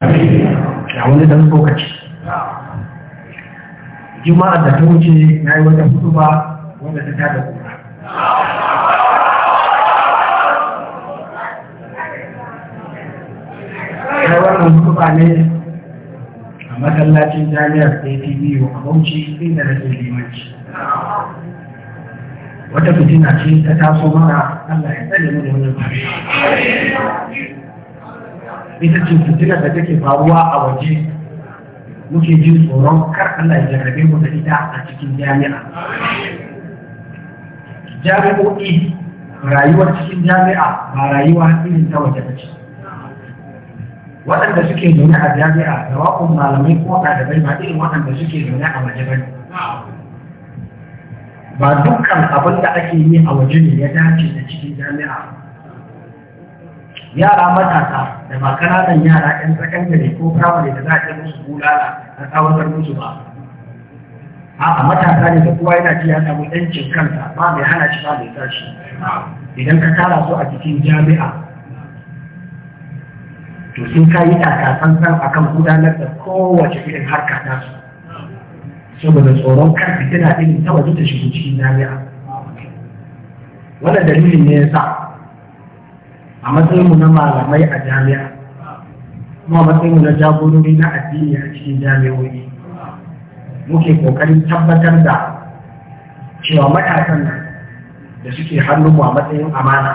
a wani dan lokaci juma'a da ta wuce ya yi wata hudu ba wanda ta tada kuma ta wannan hudu ba ne a matsalacin jami'ar atv a bauchi inda na ke limanci wata fitina ce ta taso mana allah ya tsaye mu da wani ita ce fitinar da take faruwa a waje muke jin tsoron kar Allah ya jarrabe mu da ita a cikin jami'a jami'o'i rayuwar cikin jami'a ba rayuwa irin ta waje ba ce waɗanda suke zaune a jami'a da waƙon malamai ko ɗalibai ba irin waɗanda suke zaune a waje ba ba dukkan abin da ake yi a waje ne ya dace da cikin jami'a yara matasa da ba kananan yara yan sakandare ko firamare da za a ce musu bulala na tsawatar musu ba a matasa ne da kowa yana ji ya samu yancin kansa ba mai hana shi ba mai tashi idan ka tara su a cikin jami'a to sun ka yi a akan gudanar da kowace irin harka su. saboda tsoron kan fitina irin ta waje ta shigo cikin jami'a wannan dalilin ne ya sa a matsayinmu na malamai a jami'a kuma matsayinmu na jagorori na addini a cikin jami'o'i muke kokarin tabbatar da cewa matasan nan da suke hannunmu a matsayin amana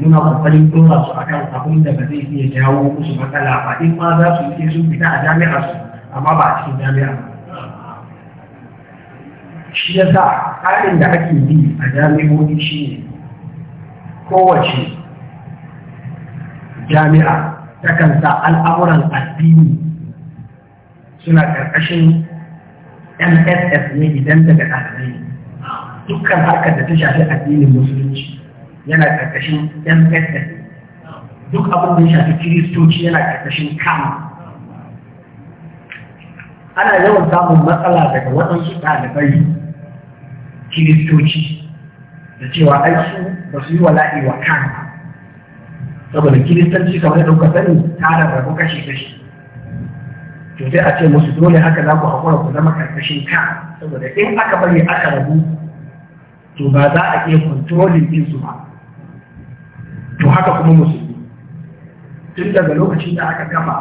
muna kokarin dora su kan abin da ba zai iya jawo musu matsala ba in ma za su yi sun fita a jami'a su amma ba a cikin jami'a ba shi yasa tsarin da ake yi a jami'o'i shi ne kowace jami'a takan sa al'amuran addini suna ƙarƙashin mss ne idan daga ɗalibai dukkan harkar da ta shafi addinin musulunci yana ƙarƙashin mss duk abin da ya shafi kiristoci yana ƙarƙashin kama ana yawan samun matsala daga waɗansu ɗalibai kiristoci da cewa aiki ba su yi wala'i wa kama saboda kiristanci kamar da kuka sani ta rarrabu kashi kashi to sai a ce musu dole haka za ku haƙura ku zama karkashin ka saboda in aka bari aka rabu to ba za a iya kontrolin din su ba to haka kuma musu tun daga lokacin da aka kafa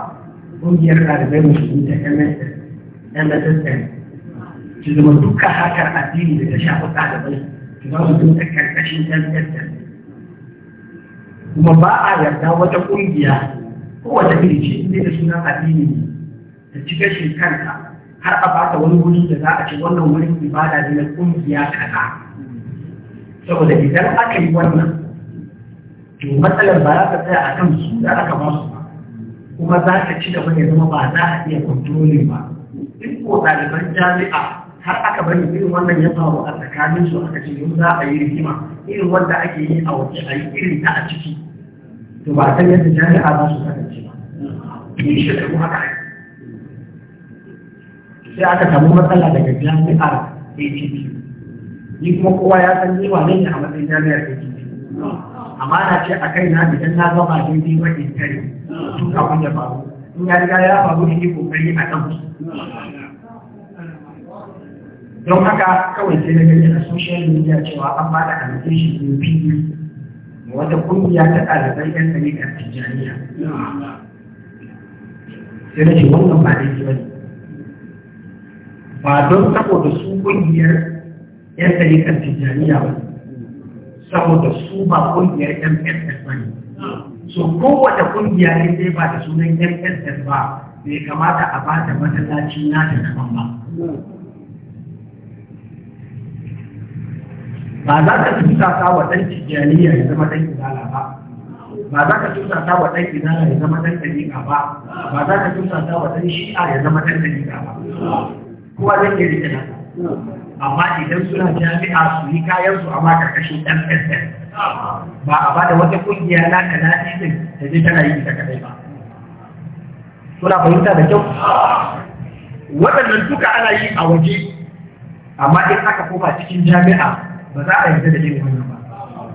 ƙungiyar ɗalibai musulmi ta MSSN ki zama duka hakar addini da ta shafi ɗalibai za su zo karkashin MSSN kuma ba a yarda wata ƙungiya ko wata iri inda da sunan addini ne da cika shi kanta har a bata wani wuri da za a ce wannan wurin ibada ne na ƙungiya kaza saboda idan aka yi wannan to matsalar ba za ta tsaya a kan su da aka ba su ba kuma za ta ci gaba ya zama ba za a iya kontrolin ba duk ko ɗaliban jami'a har aka bari irin wannan ya faru a tsakanin su aka ce in za a yi rigima irin wanda ake yi a waje a yi irin ta a ciki to ba san yadda jami'a za su kasance ba in shi da kuma kai sai aka samu matsala daga jami'ar ATP ni kuma kowa ya san ni wane ne a matsayin jami'ar ATP amma na ce a kai na idan na gaba daidai ba in tare tun kafin ya faru in ya riga ya faru da yi kokari a kan su don haka kawai sai na gani a social media cewa an ba da allocation ne ma wata kungiya ta ɗalibai yan a tijjaniya sai na ce wannan ba da ba ne ba don saboda su kungiyar yan a tijjaniya ba saboda su ba kungiyar mss ba ne so kowace kungiya ne zai ba da sunan mss ba bai kamata a ba da matalaci na ta daban ba ba za ka sa wa ɗan tijjaniya ya zama ɗan izala ba ba za ka tusasa wa ɗan izala ya zama ɗan ɗariƙa ba ba za ka sa wa ɗan shi'a ya zama ɗan ɗariƙa ba kowa zai ke rikina amma idan suna jami'a su yi kayan su amma karkashin ɗan ɗan ba a bada wata ƙungiya na kana ɗin da zai tana yi ta kadai ba suna fahimta da kyau waɗannan duka ana yi a waje amma in aka koma cikin jami'a ba za a yarda da shi ne ba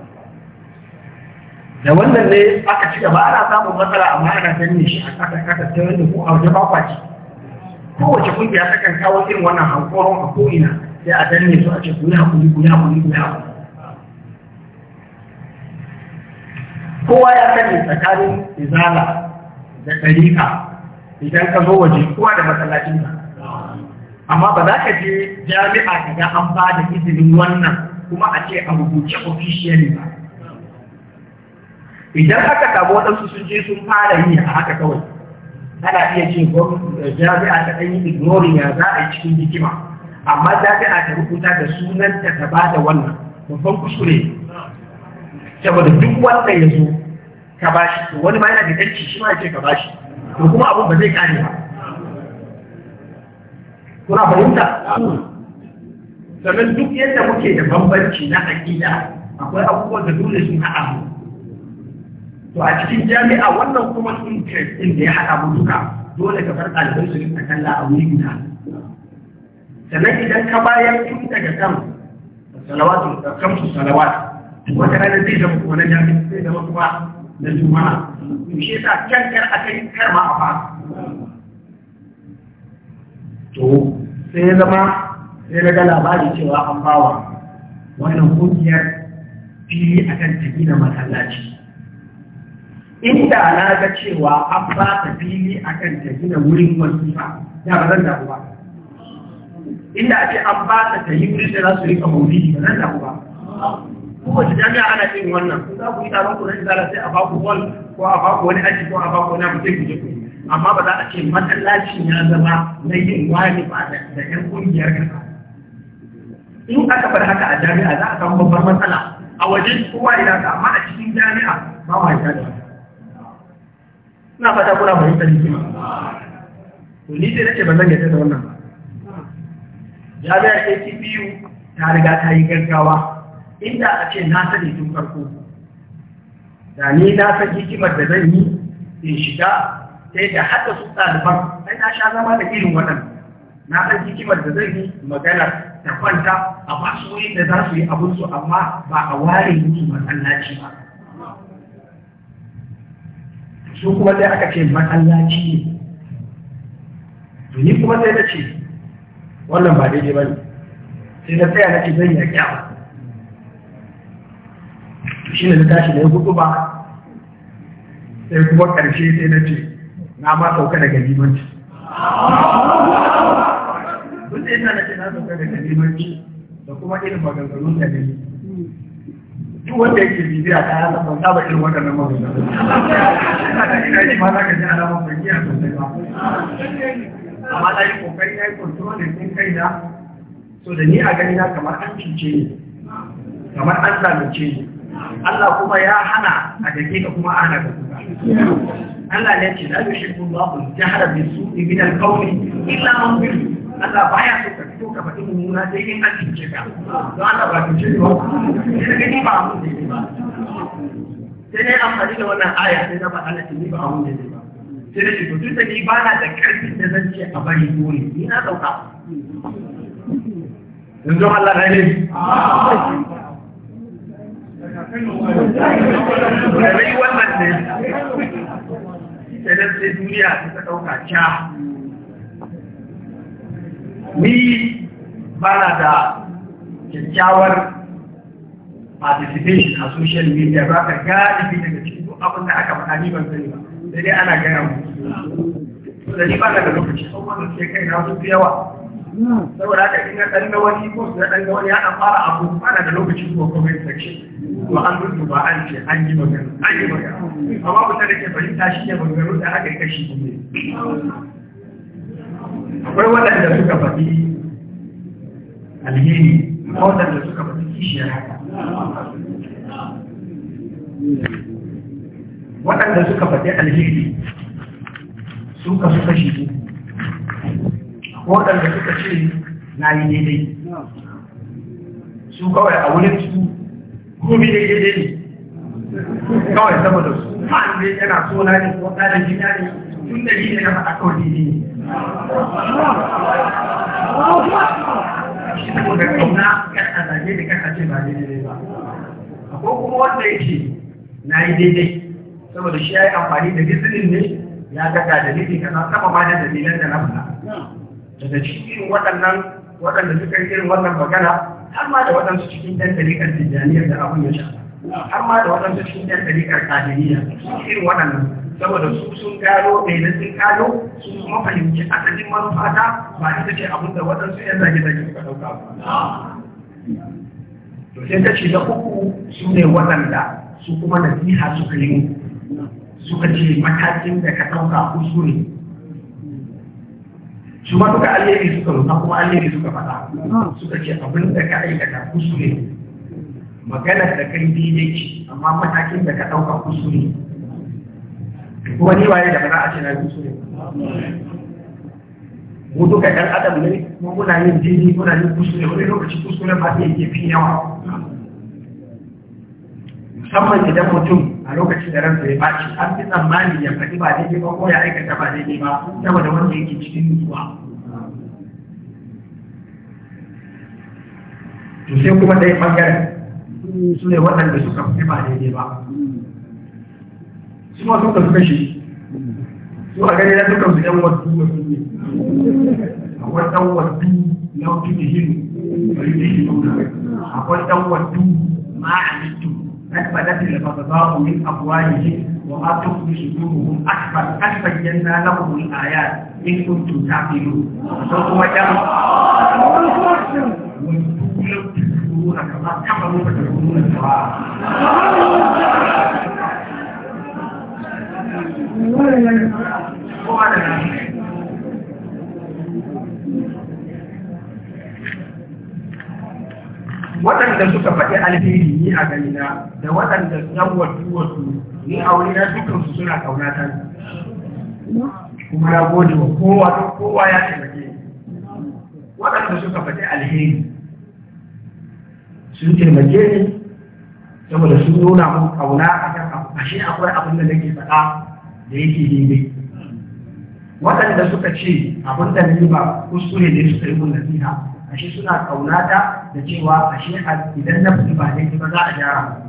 da wannan ne aka ci gaba ana samun matsala amma ana danne shi a kasa kasa ta wanda ko a wajen bakwaci kowace kungiya ta kan kawo irin wannan hankoron a ko'ina sai a danne su a ce ku yi hakuri ku hakuri hakuri kowa ya sani tsakanin izala da ɗarika idan ka zo waje kowa da matsalacin ka amma ba za ka je jami'a ka ga an ba da izinin wannan kuma a ce a rubuce officially ba idan aka samu waɗansu sun je sun fara yi a haka kawai ana iya ce eh, jami'a ta ɗan yi ignoring ya za a yi cikin hikima amma jami'a ta rubuta da sunan ta ta ba da wannan babban kuskure saboda duk wanda ya zo ka ba shi wani ma yana da ɗanci shi ma ya ce ka ba shi to kuma abin ba zai kare ba kuna fahimta sannan duk yadda muke da bambanci na aƙida akwai abubuwan da dole sun haɗa mu to a cikin jami'a wannan kuma sun ɗin da ya haɗa mu duka dole ka bar ɗalibai su rinka kalla a wuri guda sannan idan ka bayan tun daga kan salawatu da kamsu salawat wata ranar zai zama kuma na jami'a zai zama kuma na juma'a in shi yasa kyan kar a kai kar ma a ba to sai ya zama sai na ga labari cewa an bawa wannan kungiyar fili a kan tafi da masallaci inda na ga cewa an ba ta fili a kan tafi da wurin wasifa ya ba zan damu ba inda a ce an ba ta ta yi wurin da za su rika maulidi ba zan damu ba Kuma kowace jami'a ana yin wannan ku za ku yi taron ku na izara sai a ba ku bol, ko a ba ku wani aji ko a ba ku wani abu sai ku je ku amma ba za a ce masallaci ya zama na yin wani ba da 'yan kungiyar kasa in aka bar haka a jami'a za a samu babbar matsala a waje kowa ya ga amma a cikin jami'a ba wa ya ga na fata kuna fahimta ne to ni dai nake ba zan yarda da wannan ba jami'ar ATPU ta riga ta yi gaggawa inda a ce na sani tun farko da ni na san hikimar da zan yi in shiga sai da haka su ɗaliban sai na sha zama da irin wannan na san hikimar da zan yi maganar da kwanta a masu wurin da za su yi abinsu amma ba a ware musu masallaci ba su kuma sai aka ce masallaci ne to ni kuma sai na ce wannan ba daidai ba ne sai na tsaya na ce zai yi a to shi ne na tashi da ya hudu ba sai kuma ƙarshe sai na ce na ma sauka daga limanci abin da yana nake na sauka da kalimanci da kuma irin maganganun da ne duk wanda yake bibiya ta hasa ban saba irin waɗannan maganganun ina da ina yi ma za ka ji alamar bakiya sosai ba amma ta yi kokari na yi kontrolin ɗin kai na. so da ni a gani na kamar an cuce ni kamar an zalunce ni Allah kuma ya hana a dake ka kuma ana ka kuka Allah ne ce la yushriku Allahu jahra hada su'i min al-qawli illa man bil Allah baya so ka fito ka faɗi mummuna sai in an cuce ka don Allah ba cuce ni ba sai ka mun da ba sai dai amfani da wannan aya sai na faɗa na ni ba mun da ba sai dai to tun ni ba na da ƙarfin da zan ce a bari dole ni na sauka yanzu Allah na ne Rai wannan ne, sai dai sai duniya ta ɗauka ca ni bana da kyakkyawar participation a social media ba ka galibi daga cikin ko abin da aka faɗa ni ban sani ba sai dai ana gaya mu da ni bana da lokaci saboda sai kai na su yawa saboda haka ina dan na wani ko da dan na wani ya dan fara abu bana da lokaci ko comment section to an rubu ba an ce an yi magana an yi magana amma mutum da ke fahimta shi ne maganganu da aka kashi ne akwai waɗanda suka faɗi alheri ko waɗanda suka faɗi kishiyar haka waɗanda suka faɗi alheri suka suka shi waɗanda suka ce na yi daidai su kawai a wurin su gobe daidai ne kawai saboda su ma'an yana so na ne ko ɗalibina ne tun da ne na faɗa kawai ne saboda kauna kar a zage da kar ce ba daidai ba A ko kuma wanda yake na yi daidai saboda shi ya yi amfani da gizinin ne ya daga dalili kaza sama ma da dalilan da na faɗa daga cikin waɗannan waɗanda suka yi irin wannan magana har ma da waɗansu cikin ɗan ɗariƙar tijjaniyar da abin ya shafa har ma da waɗansu cikin ɗan ɗariƙar ƙadiriya irin waɗannan saboda su sun gano ɗaiɗan eh, sun gano su kuma fahimci asalin manufata ba ita ce abin da waɗansu ‘yan zage-zage suka ɗauka ba. To sai ta ce na uku su ne waɗanda su kuma na nasiha suka su suka ce matakin da ka ɗauka kusur ne. Su ma duka alheri suka rusa kuma alheri suka fata Suka ce abin da ka aikata kusu ne. Maganar da kai daidai ce amma matakin da ka ɗauka kusu ne. Kuma ni waye da ba a ce na bi su ne mu duka ɗan adam ne mu muna yin dini muna yin kuskure wani lokaci kuskure ba zai iya fi yawa musamman idan mutum a lokacin da ransa ya baci an fi tsammani ya faɗi ba daidai ba ko ya aikata ba daidai ba saboda wanda yake cikin nutsuwa to sai kuma ɗaya ɓangaren su ne waɗanda suka fi ba daidai ba suna suka suka shi su a gani na suka su wasu a wasan wasu na wasu ne shi ne a yi shi nuna a a mitu mu yi abuwa ne wa ma tun kuma shi ne mu akifar yan na mu yi a ya in tun ta fi yi so kuma jan wasu kuma tun kuma kama kama mu ba ta kuma nuna ba. waɗanda suka faɗi alheri ni a ganina da waɗanda yan wasu ni a wuri na dukansu suna ƙaunata kuma na gode wa kowa ya taimake waɗanda suka faɗi alheri sun taimake ni saboda sun nuna mun ƙauna a kan abu akwai abin da nake faɗa da yake daidai waɗanda suka ce abin da ni ba kuskure ne suka yi mun nasiha ashe suna ƙaunata da cewa ashe idan na fi ba ne ba za a gyara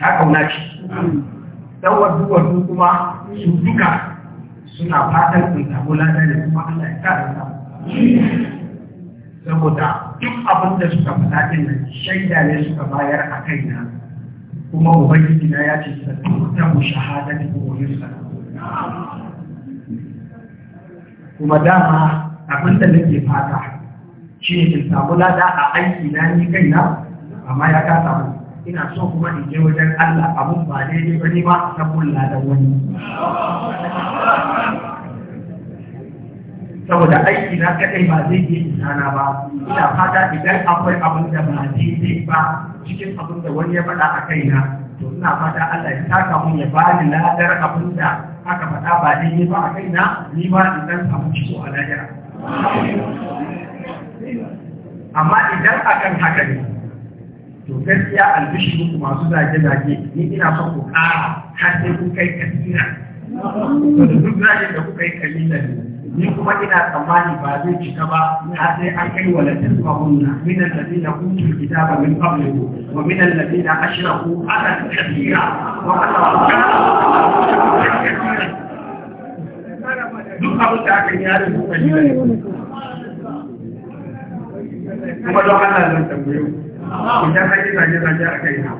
ta kauna ce dan wadu wadu kuma su duka suna fatan ku samu lada da kuma Allah ya kare ta saboda duk abin da suka faɗa din nan shaida ne suka bayar a kaina kuma ubangiji na ya ce ta shahadati ko yusa kuma dama abin da nake fata shi ne samu lada a aiki na ni kaina amma ya kasa mu ina so kuma in je wajen Allah abun ba daidai ba ne ba a sabon ladan wani saboda aiki na kadai ba zai yi insana ba ina fata idan akwai abin da ba yi ba cikin abin da wani ya faɗa a kaina to ina fata Allah ya saka mun ya bani ladar abin da aka faɗa ba yi ba a kaina ni ma in san samu ko a ladar amma idan akan haka ne to gaskiya albishirin ku masu zage-zage ni ina son ku ƙara har sai ku kai kasira to duk zage da kuka yi kalilan ne ni kuma ina tsammani ba zai cika ba na sai an kai wa latin mahunna min alladina kuntu kitaba min qablikum wa min alladina ashraku ana kabira wa duk abin da aka yi yarin kuka yi kuma don Allah zan tambayo ku ta sake sake sake a kai na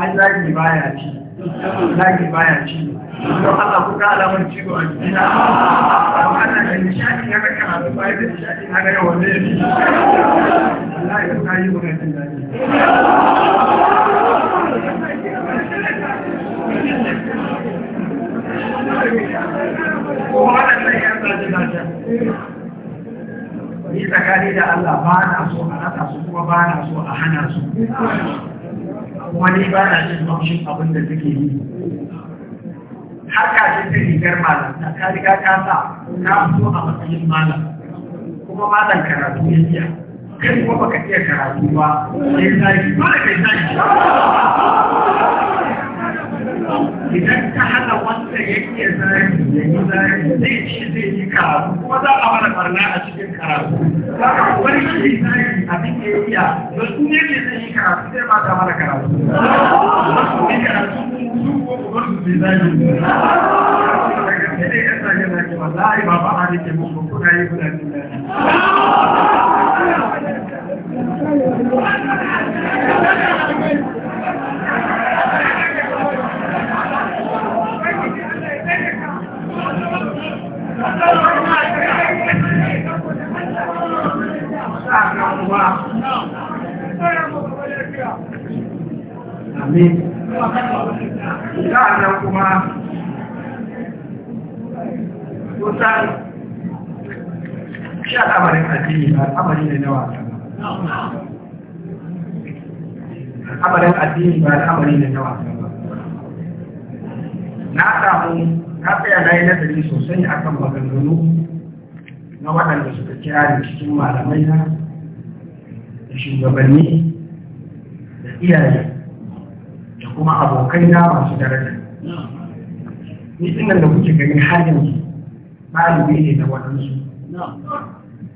an zagi baya ci zaki baya ci don Allah ku ga alamar ciwo a jiki na ana da nishadi na kan abu bayan da nishadi na gaya wanda ya fi Allah ya kai yi wani jin daɗi ni tsakani da Allah ba na so a rasa su kuma ba na so a hana su kuma ni ba na jin mamshin abin da suke yi har ka ji ta rigar malam na ka riga ka sa ka fito a matsayin malam kuma malam karatu ya iya kai kuma baka iya karatu ba sai kai idan ka hana wanda yake zarafi ya yi zarafi zai ce zai yi karatu kuma za a mana barna a cikin karatu za ka wani shi zarafi abin da ya iya da su ne ke zai yi karatu zai ba ta mana karatu su ne karatu su ko kuma su zai yi ne ya sake yi wallahi ba ba a rike muku kuna yi kuna jin daɗi Amin, nan kuma kusan shi al'amarin addini ba al'amari ne na wasan wasa al'amarin addini ba al'amari ne na wasa na samu kafiya na yi nazari sosai a kan maganganu na waɗanda suka kira da cikin malamai na da shugabanni da iyaye kuma abokai na masu daraja ni ina da kuke gani har yanzu ɗalibi ne na waɗansu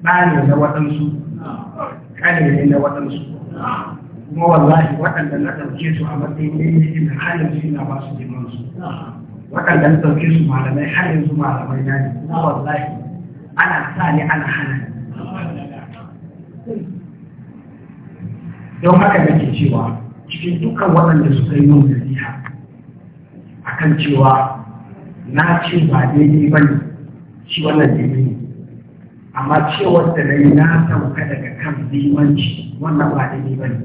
ɗalibi na waɗansu ɗalibi na waɗansu kuma wallahi waɗanda na ɗauke su a matsayin daidai ina har yanzu ina ba su neman su waɗanda na ɗauke su malamai har yanzu malamai na ne kuma wallahi ana sa ne ana hana don haka nake cewa cikin dukkan waɗanda suka yi mun nasiha a kan cewa na ce ba daidai ba ne shi wannan daidai ne amma cewar da na yi na sauka daga kan limanci wannan ba daidai ba ne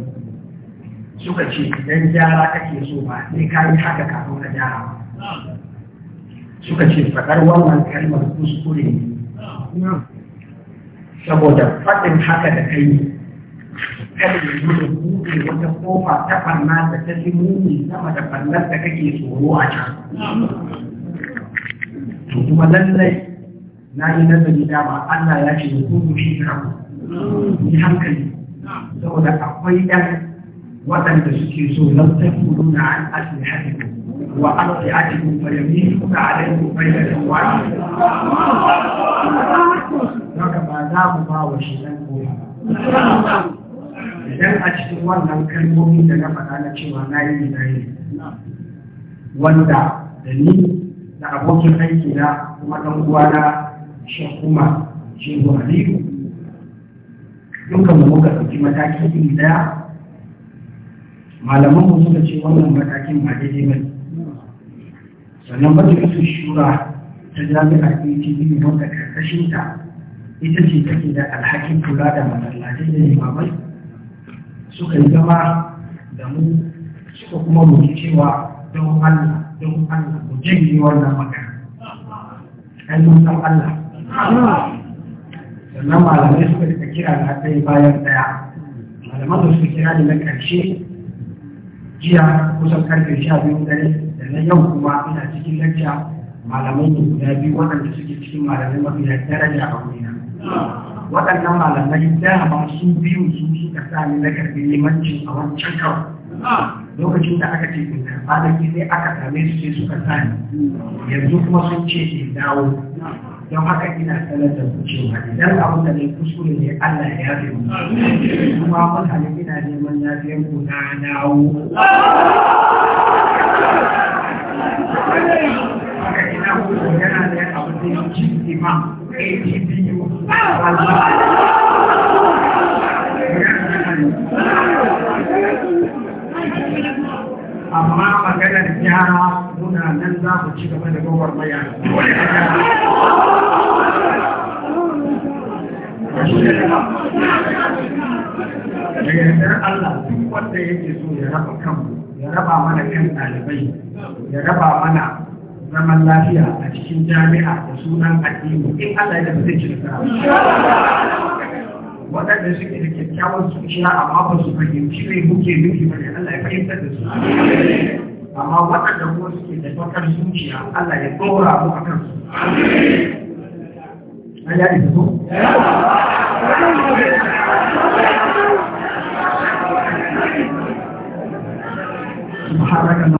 suka ce idan gyara kake so ba sai ka yi haka kafin ka gyara ba suka ce faɗar wannan kalmar kuskure ne saboda faɗin haka da kai kada yanzu da buɗe wata kofa ta farna da ta fi muni sama da farnar da kake tsoro a can to kuma lallai na yi nazari dama Allah ya ce da kudu shi ni hankali saboda akwai ɗan waɗanda suke so lantar kudu na an asli hadiku wa an fi hadiku fayami kuka alaiku fayamin wani Daga ba za mu ba wa shi nan koya. idan a cikin wannan kalmomin da na faɗa na cewa na yi na yi wanda da ni da abokin aiki na kuma ɗan uwana shekuma shehu aliyu dukkan mu muka ɗauki mataki iri ɗaya malaman mu suka ce wannan matakin ba daidai ba sannan su shura ta jami'ar atv wanda karkashin ta ita ce take da alhakin kula da masallatai da limamai suka yi zama da mu suka kuma mu cewa don Allah don Allah mu janye wannan magana ai mun san Allah sannan malamai suka rika kira na ɗaya bayan ɗaya malaman da suka kira da na ƙarshe jiya kusan karfe sha biyu dare da na yau kuma ina cikin lacca malamai ne guda biyu waɗanda suke cikin malamai mafi daraja a wurina waɗannan malamai dama su biyu su suka sa ni na karɓi limanci a wancan kawai lokacin da aka ce in karɓa da ke sai aka same su sai suka sa ni yanzu kuma sun ce in dawo don haka ina sanar da cewa idan abin da ne kuskure ne Allah ya yafe mu kuma mutane ina neman yafiyar ku na dawo abinci imam biyu amma maganar gyara muna nan za mu ci gaba da gowar maya da da Allah duk wanda yake so ya raba kanmu ya raba mana kan ɗalibai ya raba mana zaman lafiya a cikin jami'a da sunan addini in Allah ya tafi zai waɗanda suke da kyakkyawan zuciya amma ba su fahimci ne muke nufi ba ne Allah ya fahimtar da su amma waɗanda kuma suke da bakar zuciya Allah ya ɗora mu kan su an ya isa so?